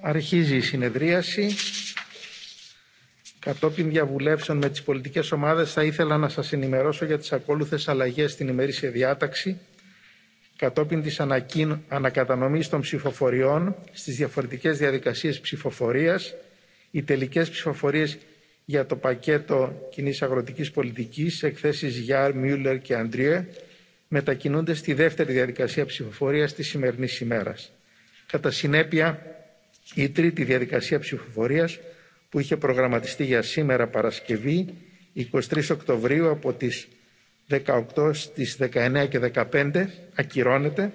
Αρχίζει η συνεδρίαση. Κατόπιν διαβουλεύσεων με τις πολιτικές ομάδες θα ήθελα να σας ενημερώσω για τις ακόλουθες αλλαγές στην ημερήσια διάταξη κατόπιν της ανακοίν... ανακατανομής των ψηφοφοριών στις διαφορετικές διαδικασίες ψηφοφορίας, οι τελικές ψηφοφορίες για το πακέτο κοινή αγροτικής πολιτικής, εκθέσεις Γιάρ, Μιούλερ και Αντριέ, μετακινούνται στη δεύτερη διαδικασία ψηφοφορίας της σημερινής ημέρας. Κατά συνέπεια, Η τρίτη διαδικασία ψηφοφορίας που είχε προγραμματιστεί για σήμερα Παρασκευή 23 Οκτωβρίου από τις 18 στις 19 και 15 ακυρώνεται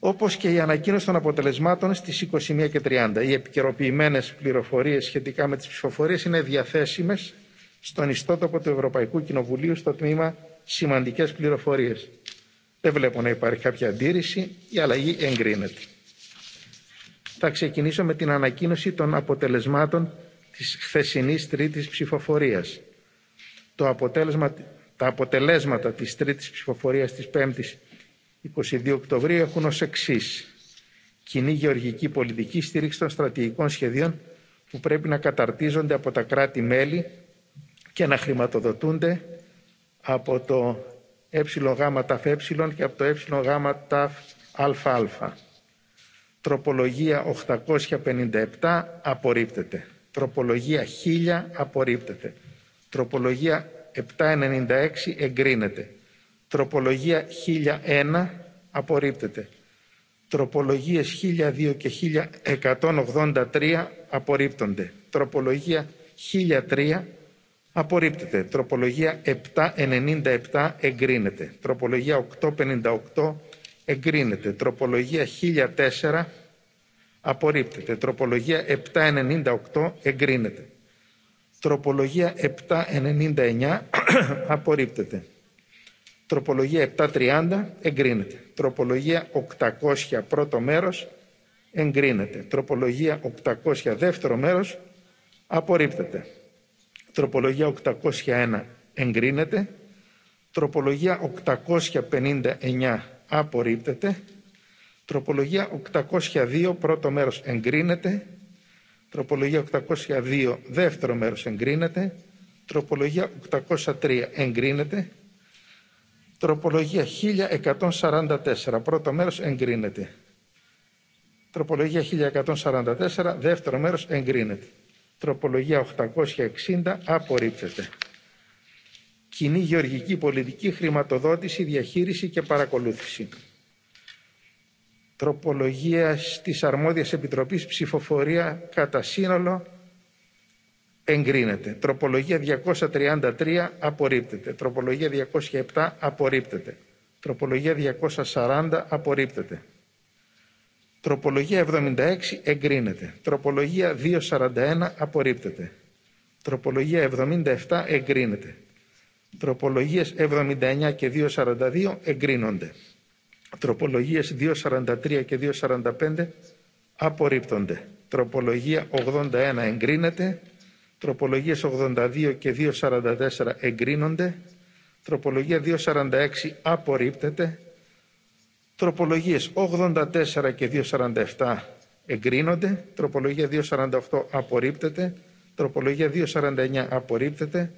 όπως και η ανακοίνωση των αποτελεσμάτων στις 21 και 30. Οι επικαιροποιημένε πληροφορίες σχετικά με τις ψηφοφορίες είναι διαθέσιμες στον ιστότοπο του Ευρωπαϊκού Κοινοβουλίου στο τμήμα Σημαντικές πληροφορίες. Δεν βλέπω να υπάρχει κάποια αντίρρηση, η αλλαγή εγκρίνεται. Θα ξεκινήσω με την ανακοίνωση των αποτελεσμάτων της χθεσινής τρίτης ψηφοφορίας. Το αποτέλεσμα, τα αποτελέσματα της τρίτης ψηφοφορίας της 5ης 22 Οκτωβρίου έχουν ως εξή Κοινή γεωργική πολιτική στήριξη των στρατηγικών σχεδίων που πρέπει να καταρτίζονται από τα κράτη-μέλη και να χρηματοδοτούνται από το ΕΓ και από το ΕΓ Τροπολογία 857 απορρίπτεται. Τροπολογία 1000 απορρίπτεται. Τροπολογία 796 εγκρίνεται. Τροπολογία 1001 απορρίπτεται. Τροπολογίες 1002 και 1183 απορρίπτονται. Τροπολογία 1003 απορρίπτεται. Τροπολογία 797 εγκρίνεται. Τροπολογία 858 εγκρίνεται. Τροπολογία 1004 απορρίπτεται. Τροπολογία 798 εγκρίνεται. Τροπολογία 799 απορρίπτεται. Τροπολογία 730 εγκρίνεται. Τροπολογία 800 πρώτο μέρος εγκρίνεται. Τροπολογία 800 δεύτερο μέρος απορρίπτεται. Τροπολογία 801 εγκρίνεται. Τροπολογία 859 απορρίπτεται. Τροπολογία 802 πρώτο μέρος εγκρίνεται. Τροπολογία 802 δεύτερο μέρος εγκρίνεται. Τροπολογία 803 εγκρίνεται. Τροπολογία 1144 πρώτο μέρος εγκρίνεται. Τροπολογία 1144 δεύτερο μέρος εγκρίνεται. Τροπολογία 860 απορρίπτεται κοινή γεωργική πολιτική χρηματοδότηση, διαχείριση και παρακολούθηση. Τροπολογία της αρμόδιας επιτροπής ψηφοφορία κατά σύνολο εγκρίνεται. Τροπολογία 233 απορρίπτεται. Τροπολογία 207 απορρίπτεται. Τροπολογία 240 απορρίπτεται. Τροπολογία 76 εγκρίνεται. Τροπολογία 241 απορρίπτεται. Τροπολογία 77 εγκρίνεται. Τροπολογίες 79 και 242 εγκρίνονται. Τροπολογίες 243 και 245 απορρίπτονται. Τροπολογία 81 εγκρίνεται. Τροπολογίες 82 και 244 εγκρίνονται. Τροπολογία 246 απορρίπτεται. Τροπολογίες 84 και 247 εγκρίνονται. Τροπολογία 248 απορρίπτεται. Τροπολογία 249 απορρίπτεται.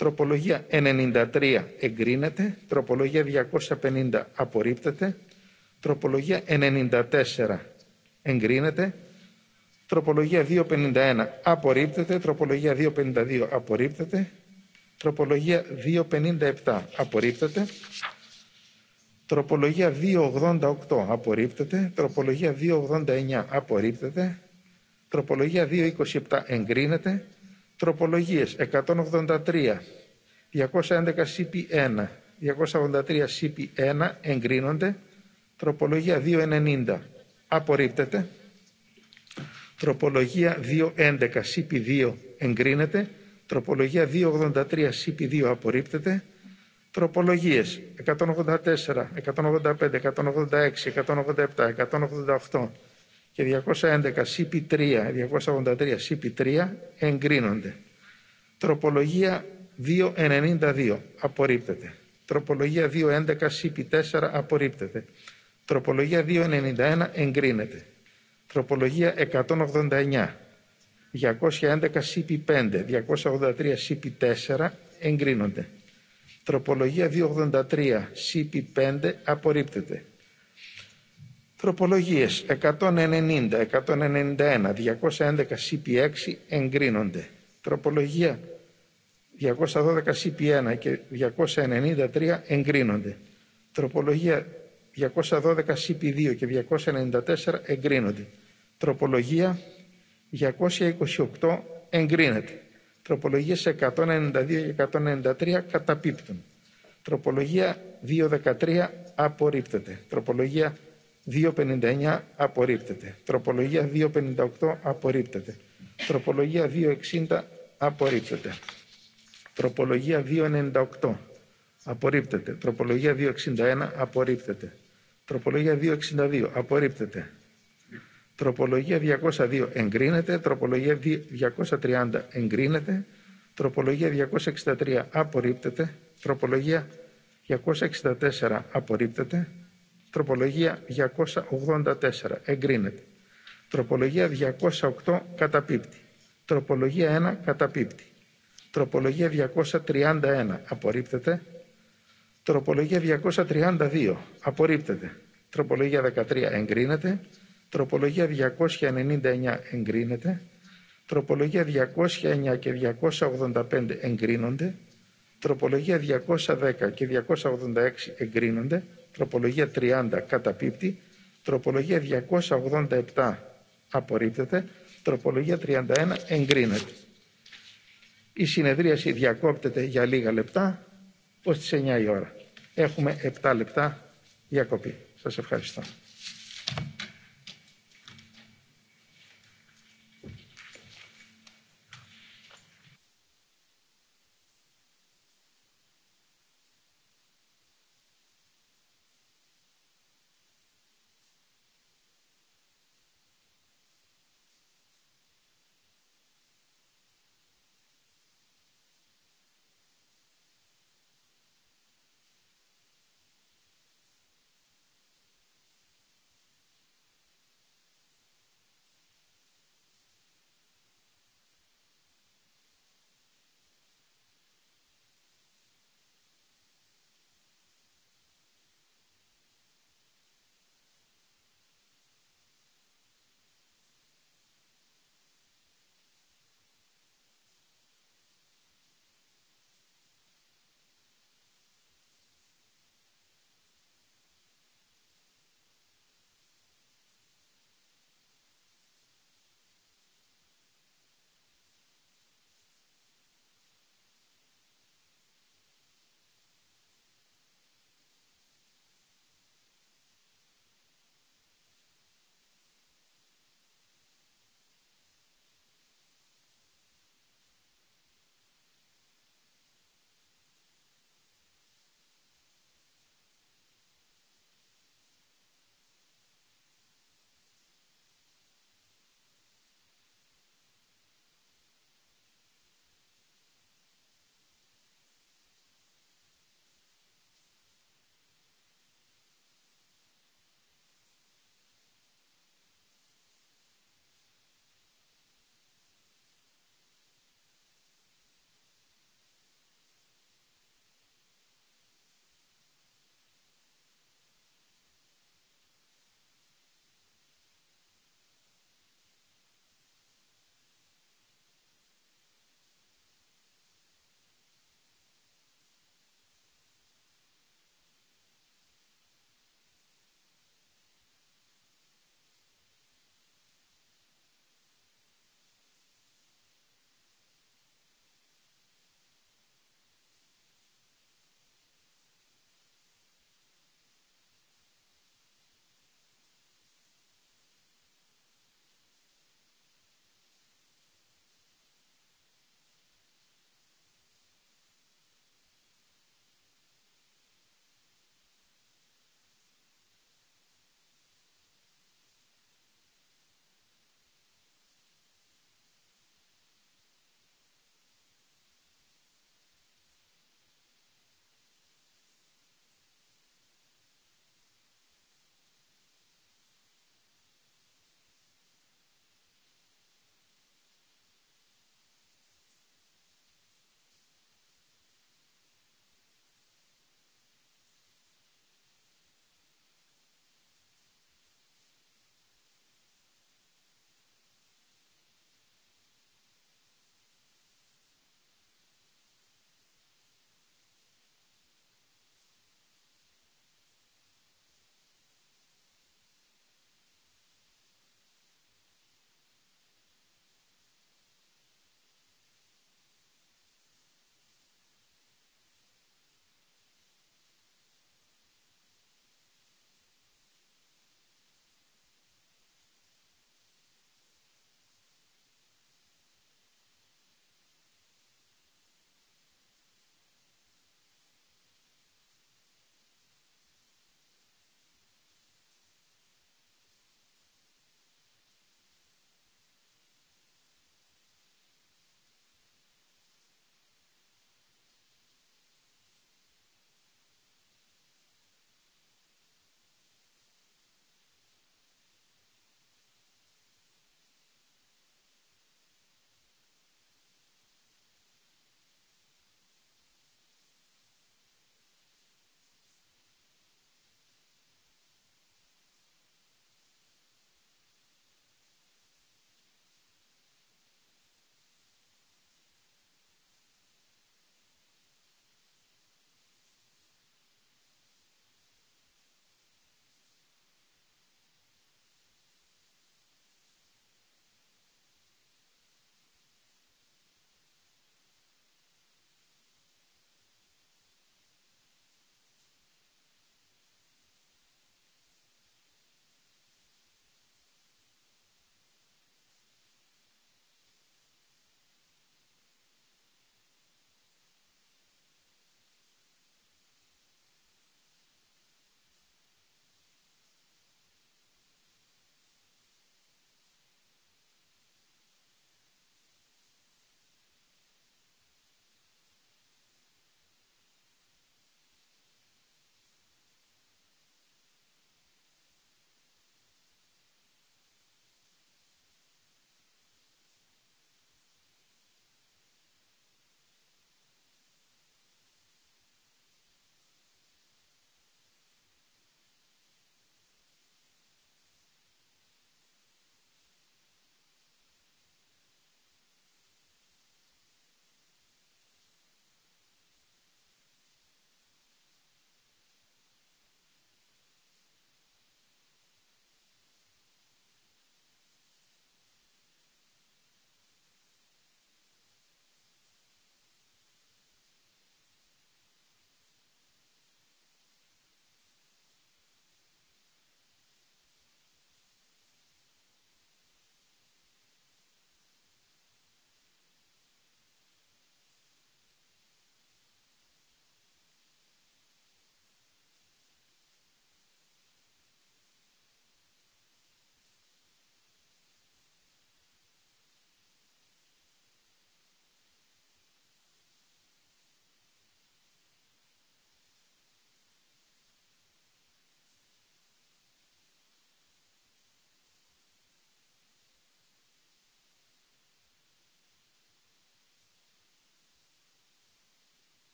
Τροπολογία 93 εγκρίνεται. Τροπολογία 250 απορρίπτεται. Τροπολογία 94 εγκρίνεται. Τροπολογία 251 απορρίπτεται. Τροπολογία 252 απορρίπτεται. Τροπολογία 257 απορρίπτεται. Τροπολογία 288 απορρίπτεται. Τροπολογία 289 απορρίπτεται. Τροπολογία 227 εγκρίνεται. Τροπολογίες 183, 211 CP1, 283 CP1 εγκρίνονται. Τροπολογία 290 απορρίπτεται. Τροπολογία 211 CP2 εγκρίνεται. Τροπολογία 283 CP2 απορρίπτεται. Τροπολογίες 184, 185, 186, 187, 188, και 211 CP3, 283 CP3 εγκρίνονται. Τροπολογία 292 απορρίπτεται. Τροπολογία 211 CP4 απορρίπτεται. Τροπολογία 291 εγκρίνεται. Τροπολογία 189, 211 CP5, 283 CP4 εγκρίνονται. Τροπολογία 283 CP5 απορρίπτεται. Τροπολογίες 190, 191, 211 CP6 εγκρίνονται. Τροπολογία 212 CP1 και 293 εγκρίνονται. Τροπολογία 212 CP2 και 294 εγκρίνονται. Τροπολογία 228 εγκρίνεται. Τροπολογίε 192 και 193 καταπίπτουν. Τροπολογία 213 απορρίπτεται. Τροπολογία 2.59 απορρίπτεται. Τροπολογία 2.58 απορρίπτεται. Τροπολογία 2.60 απορρίπτεται. Τροπολογία 2.98 απορρίπτεται. Τροπολογία 2.61 απορρίπτεται. Τροπολογία 2.62 απορρίπτεται. Τροπολογία 202 εγκρίνεται. Τροπολογία 230 εγκρίνεται. Τροπολογία 263 απορρίπτεται. Τροπολογία 264 απορρίπτεται. Τροπολογία 284 εγκρίνεται. Τροπολογία 208 καταπίπτει. Τροπολογία 1 καταπίπτει. Τροπολογία 231 απορρίπτεται. Τροπολογία 232 απορρίπτεται. Τροπολογία 13 εγκρίνεται. Τροπολογία 299 εγκρίνεται. Τροπολογία 209 και 285 εγκρίνονται. Τροπολογία 210 και 286 εγκρίνονται τροπολογία 30 καταπίπτει, τροπολογία 287 απορρίπτεται, τροπολογία 31 εγκρίνεται. Η συνεδρίαση διακόπτεται για λίγα λεπτά, ως τις 9 η ώρα. Έχουμε 7 λεπτά διακοπή. Σας ευχαριστώ.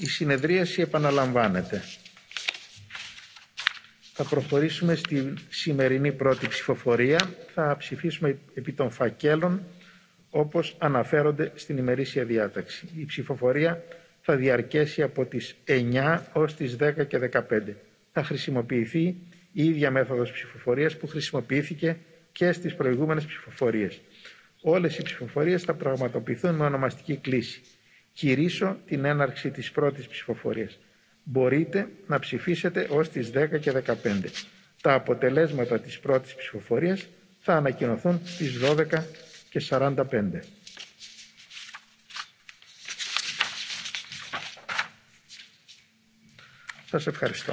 Η συνεδρίαση επαναλαμβάνεται. Θα προχωρήσουμε στη σημερινή πρώτη ψηφοφορία. Θα ψηφίσουμε επί των φακέλων όπως αναφέρονται στην ημερήσια διάταξη. Η ψηφοφορία θα διαρκέσει από τις 9 ως τις 10 και 15. Θα χρησιμοποιηθεί η ίδια μέθοδος ψηφοφορίας που χρησιμοποιήθηκε και στις προηγούμενες ψηφοφορίες. Όλες οι ψηφοφορίες θα πραγματοποιηθούν με ονομαστική κλίση κηρύσω την έναρξη της πρώτης ψηφοφορίας. Μπορείτε να ψηφίσετε ως τις 10 και 15. Τα αποτελέσματα της πρώτης ψηφοφορίας θα ανακοινωθούν στις 12 και 45. Σας ευχαριστώ.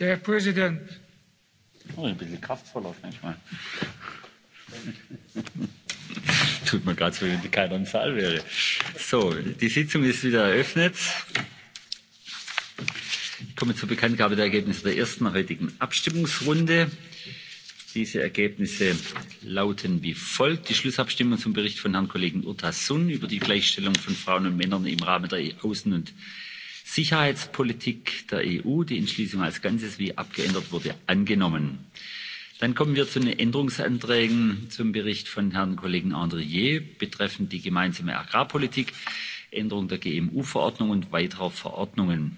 Der Präsident. Oh, ich bin kraftvoll auf manchmal tut mir gerade so, wenn keiner im Saal wäre. So, die Sitzung ist wieder eröffnet. Ich komme zur Bekanntgabe der Ergebnisse der ersten heutigen Abstimmungsrunde. Diese Ergebnisse lauten wie folgt. Die Schlussabstimmung zum Bericht von Herrn Kollegen Urtasun über die Gleichstellung von Frauen und Männern im Rahmen der Außen- und Sicherheitspolitik der EU. Die Entschließung als Ganzes, wie abgeändert wurde, angenommen. Dann kommen wir zu den Änderungsanträgen zum Bericht von Herrn Kollegen Andrier betreffend die gemeinsame Agrarpolitik, Änderung der GMU-Verordnung und weiterer Verordnungen.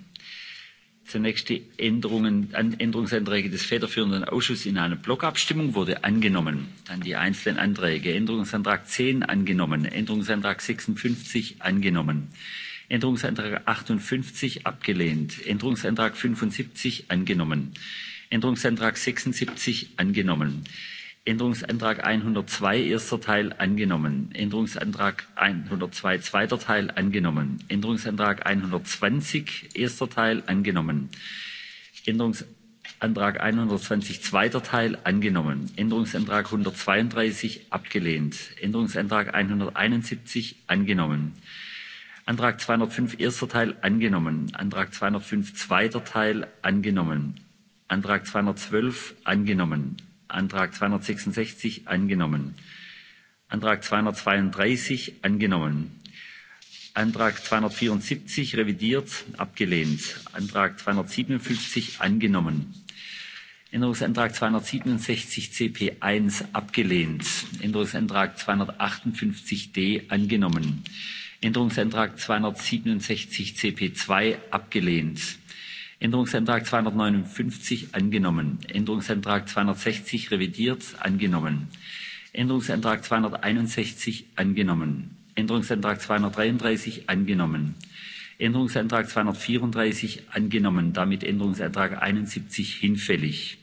Zunächst die Änderungen, Änderungsanträge des federführenden Ausschusses in einer Blockabstimmung wurde angenommen. Dann die einzelnen Anträge. Änderungsantrag 10 angenommen. Änderungsantrag 56 angenommen. Änderungsantrag 58 abgelehnt. Änderungsantrag 75 angenommen. Änderungsantrag 76 angenommen. Änderungsantrag 102 erster Teil angenommen. Änderungsantrag 102 zweiter Teil angenommen. Änderungsantrag 120 erster Teil angenommen. Änderungsantrag 120 zweiter Teil angenommen. Änderungsantrag 132 abgelehnt. Änderungsantrag 171 angenommen. Antrag 205 erster Teil angenommen. Antrag 205 zweiter Teil angenommen. Antrag 212 angenommen. Antrag 266 angenommen. Antrag 232 angenommen. Antrag 274 revidiert, abgelehnt. Antrag 257 angenommen. Änderungsantrag 267 CP1 abgelehnt. Änderungsantrag 258d angenommen. Änderungsantrag 267 CP2 abgelehnt. Änderungsantrag 259 angenommen. Änderungsantrag 260 revidiert angenommen. Änderungsantrag 261 angenommen. Änderungsantrag 233 angenommen. Änderungsantrag 234 angenommen. Damit Änderungsantrag 71 hinfällig.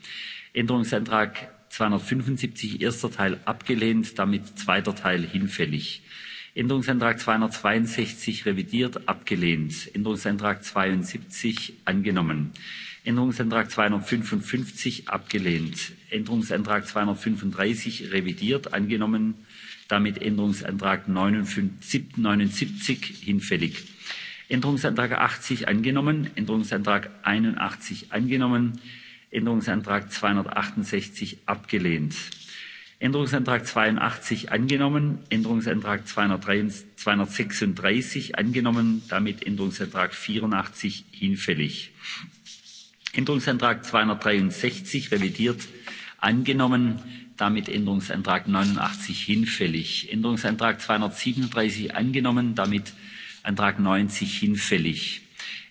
Änderungsantrag 275 erster Teil abgelehnt, damit zweiter Teil hinfällig. Änderungsantrag 262 revidiert abgelehnt. Änderungsantrag 72 angenommen. Änderungsantrag 255 abgelehnt. Änderungsantrag 235 revidiert angenommen. Damit Änderungsantrag neunundsiebzig 79 hinfällig. Änderungsantrag 80 angenommen. Änderungsantrag 81 angenommen. Änderungsantrag 268 abgelehnt. Änderungsantrag 82 angenommen, Änderungsantrag 236 angenommen, damit Änderungsantrag 84 hinfällig. Änderungsantrag 263 revidiert angenommen, damit Änderungsantrag 89 hinfällig. Änderungsantrag 237 angenommen, damit Antrag 90 hinfällig.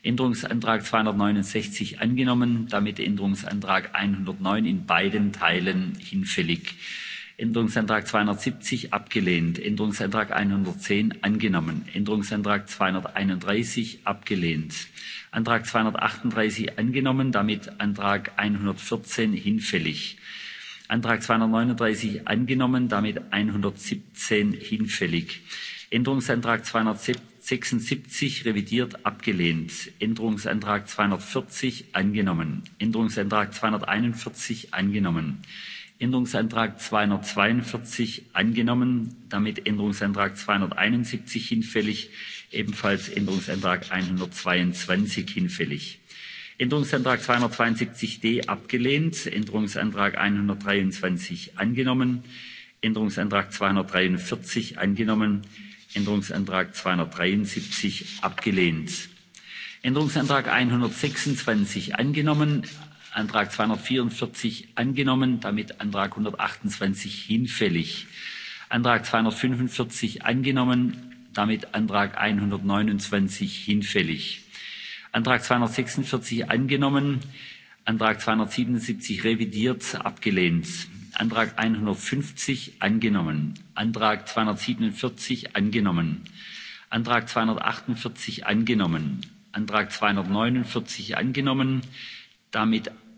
Änderungsantrag 269 angenommen, damit Änderungsantrag 109 in beiden Teilen hinfällig. Änderungsantrag 270 abgelehnt. Änderungsantrag 110 angenommen. Änderungsantrag 231 abgelehnt. Antrag 238 angenommen, damit Antrag 114 hinfällig. Antrag 239 angenommen, damit 117 hinfällig. Änderungsantrag 276 revidiert abgelehnt. Änderungsantrag 240 angenommen. Änderungsantrag 241 angenommen. Änderungsantrag 242 angenommen, damit Änderungsantrag 271 hinfällig, ebenfalls Änderungsantrag 122 hinfällig. Änderungsantrag 272d abgelehnt, Änderungsantrag 123 angenommen, Änderungsantrag 243 angenommen, Änderungsantrag 273 abgelehnt. Änderungsantrag 126 angenommen, Antrag 244 angenommen, damit Antrag 128 hinfällig. Antrag 245 angenommen, damit Antrag 129 hinfällig. Antrag 246 angenommen, Antrag 277 revidiert, abgelehnt. Antrag 150 angenommen. Antrag 247 angenommen. Antrag 248 angenommen. Antrag 249 angenommen. Damit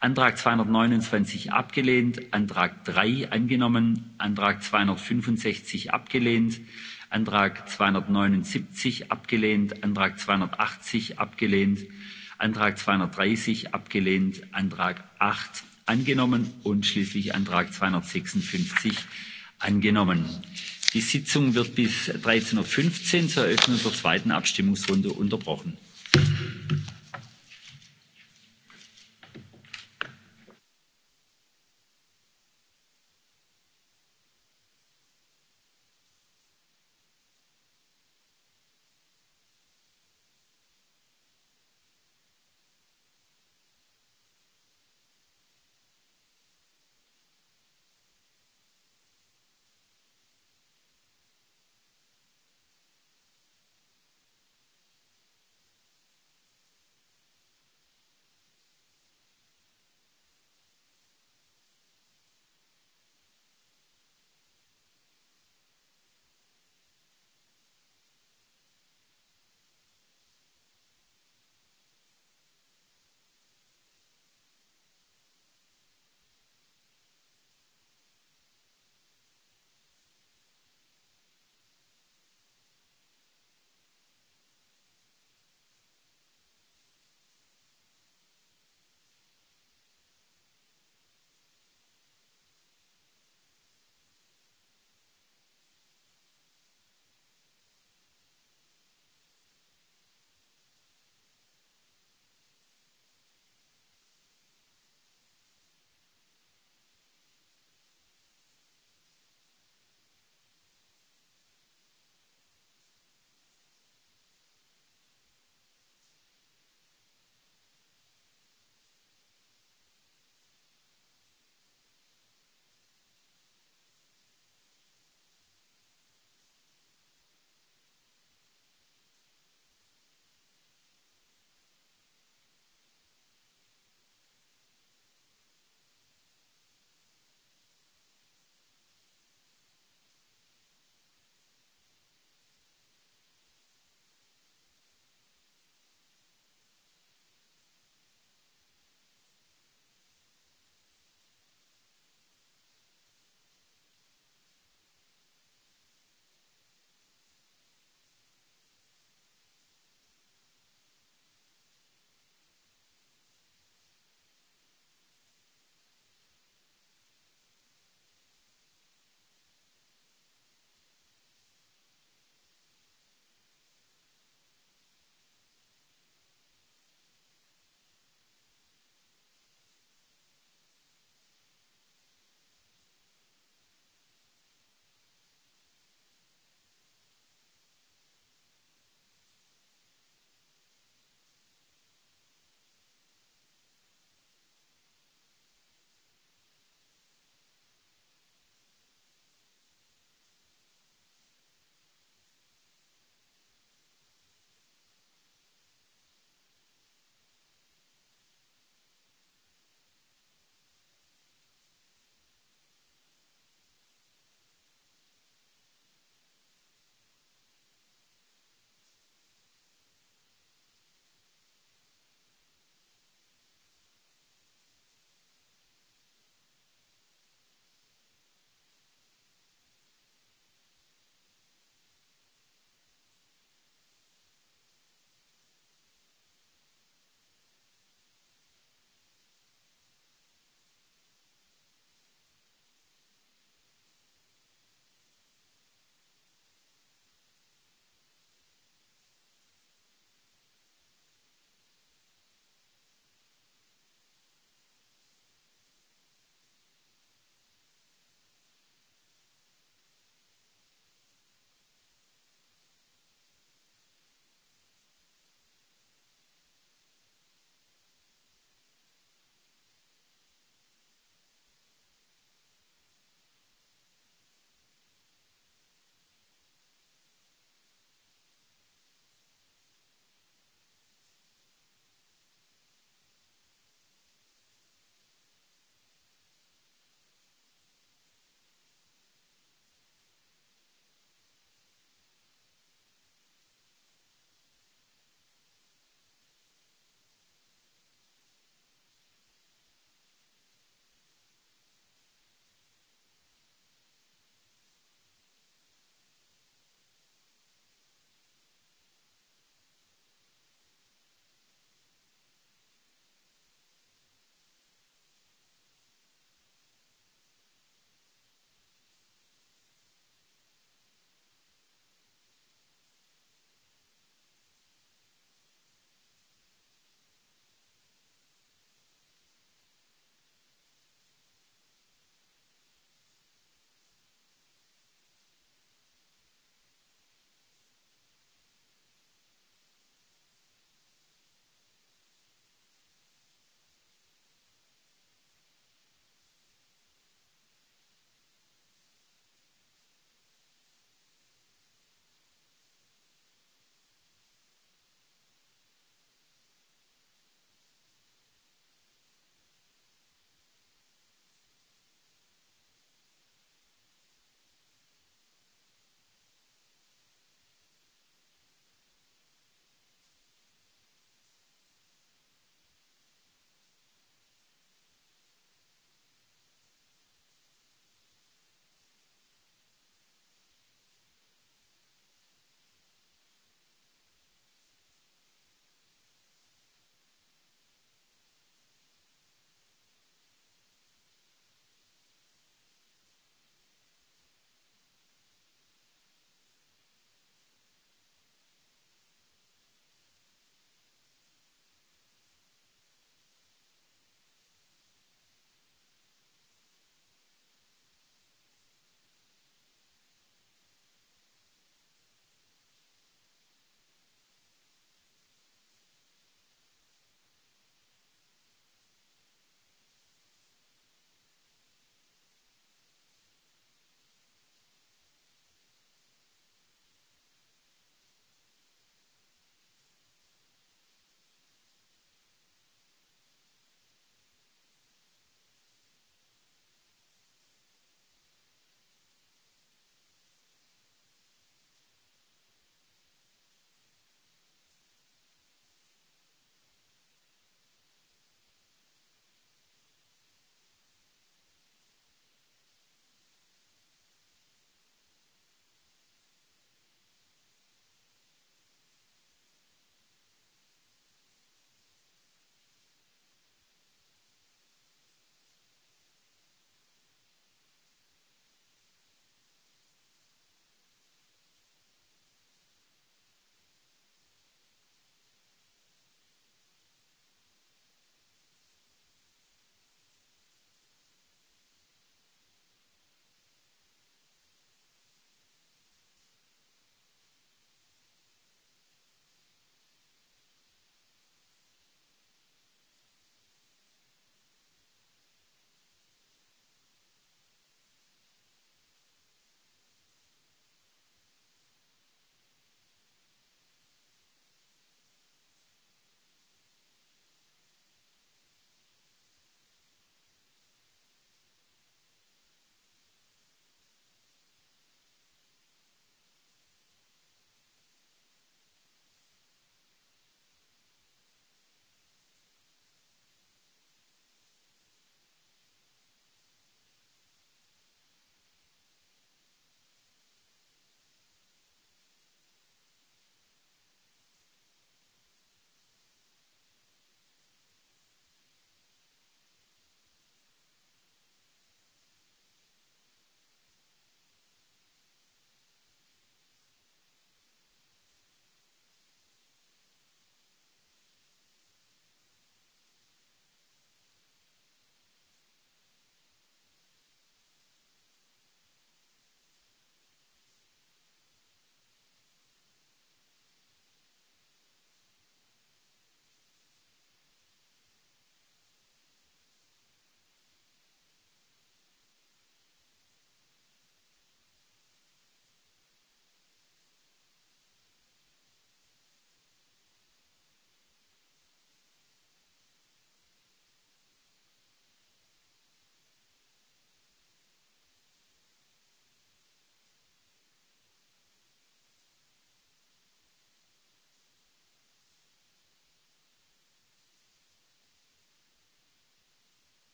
Antrag 229 abgelehnt, Antrag 3 angenommen, Antrag 265 abgelehnt, Antrag 279 abgelehnt, Antrag 280 abgelehnt, Antrag 230 abgelehnt, Antrag 8 angenommen und schließlich Antrag 256 angenommen. Die Sitzung wird bis 13.15 Uhr zur Eröffnung der zweiten Abstimmungsrunde unterbrochen.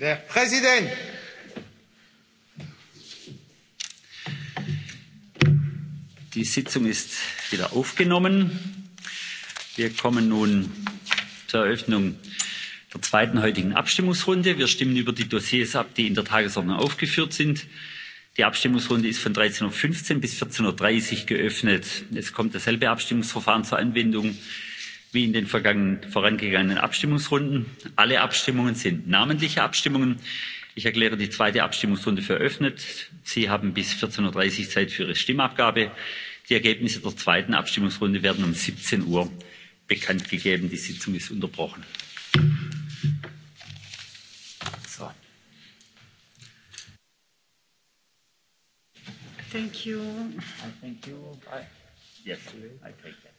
Der Präsident! Die Sitzung ist wieder aufgenommen. Wir kommen nun zur Eröffnung der zweiten heutigen Abstimmungsrunde. Wir stimmen über die Dossiers ab, die in der Tagesordnung aufgeführt sind. Die Abstimmungsrunde ist von 13.15 Uhr bis 14.30 Uhr geöffnet. Es kommt dasselbe Abstimmungsverfahren zur Anwendung wie in den vorangegangenen abstimmungsrunden. alle abstimmungen sind namentliche abstimmungen. ich erkläre die zweite abstimmungsrunde für eröffnet. sie haben bis. vierzehn dreißig uhr zeit für ihre stimmabgabe. die ergebnisse der zweiten abstimmungsrunde werden um. siebzehn uhr bekanntgegeben. die sitzung ist unterbrochen. So. Thank you. thank you. I, yes, I take that.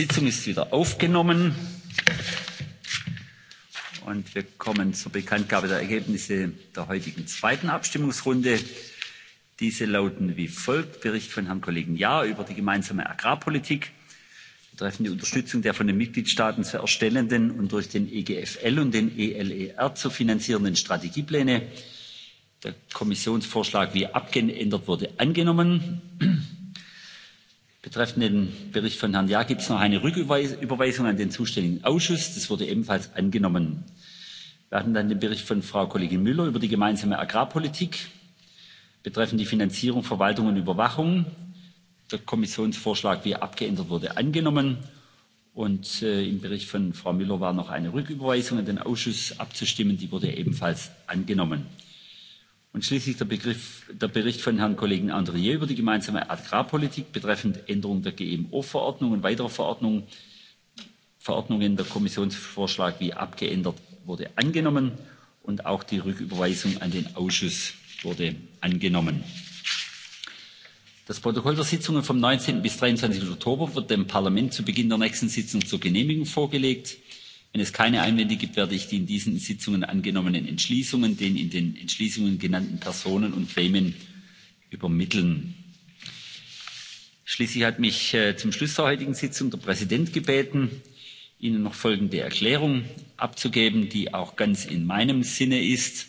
Sitzung ist wieder aufgenommen. Und wir kommen zur Bekanntgabe der Ergebnisse der heutigen zweiten Abstimmungsrunde. Diese lauten wie folgt. Bericht von Herrn Kollegen Jahr über die gemeinsame Agrarpolitik betreffend die Unterstützung der von den Mitgliedstaaten zu erstellenden und durch den EGFL und den ELER zu finanzierenden Strategiepläne. Der Kommissionsvorschlag, wie abgeändert wurde, angenommen. Betreffend den Bericht von Herrn Jahr gibt es noch eine Rücküberweisung an den zuständigen Ausschuss. Das wurde ebenfalls angenommen. Wir hatten dann den Bericht von Frau Kollegin Müller über die gemeinsame Agrarpolitik betreffend die Finanzierung, Verwaltung und Überwachung. Der Kommissionsvorschlag, wie er abgeändert wurde, angenommen. Und äh, im Bericht von Frau Müller war noch eine Rücküberweisung an den Ausschuss abzustimmen. Die wurde ebenfalls angenommen. Und schließlich der, Begriff, der Bericht von Herrn Kollegen Andrieu über die gemeinsame Agrarpolitik betreffend Änderung der GMO-Verordnung und weiterer Verordnungen. Verordnungen der Kommissionsvorschlag wie abgeändert wurde angenommen und auch die Rücküberweisung an den Ausschuss wurde angenommen. Das Protokoll der Sitzungen vom 19. bis 23. Oktober wird dem Parlament zu Beginn der nächsten Sitzung zur Genehmigung vorgelegt. Wenn es keine Einwände gibt, werde ich die in diesen Sitzungen angenommenen Entschließungen den in den Entschließungen genannten Personen und Gremien übermitteln. Schließlich hat mich äh, zum Schluss der heutigen Sitzung der Präsident gebeten, Ihnen noch folgende Erklärung abzugeben, die auch ganz in meinem Sinne ist.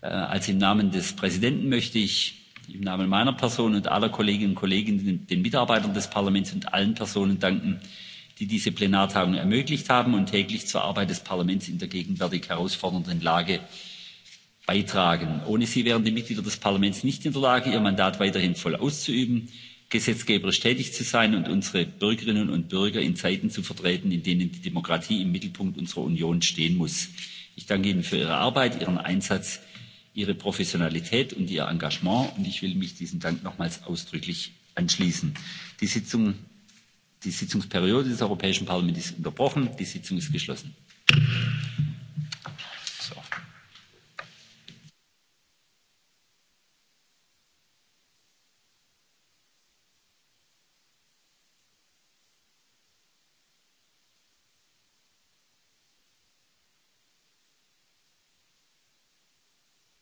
Äh, als im Namen des Präsidenten möchte ich im Namen meiner Person und aller Kolleginnen und Kollegen den Mitarbeitern des Parlaments und allen Personen danken, die diese Plenartagung ermöglicht haben und täglich zur Arbeit des Parlaments in der gegenwärtig herausfordernden Lage beitragen. Ohne sie wären die Mitglieder des Parlaments nicht in der Lage, ihr Mandat weiterhin voll auszuüben, gesetzgeberisch tätig zu sein und unsere Bürgerinnen und Bürger in Zeiten zu vertreten, in denen die Demokratie im Mittelpunkt unserer Union stehen muss. Ich danke Ihnen für Ihre Arbeit, Ihren Einsatz, Ihre Professionalität und Ihr Engagement und ich will mich diesem Dank nochmals ausdrücklich anschließen. Die Sitzung Die Sitzungsperiode des Europäischen Parlaments ist unterbrochen. Die Sitzung ist geschlossen.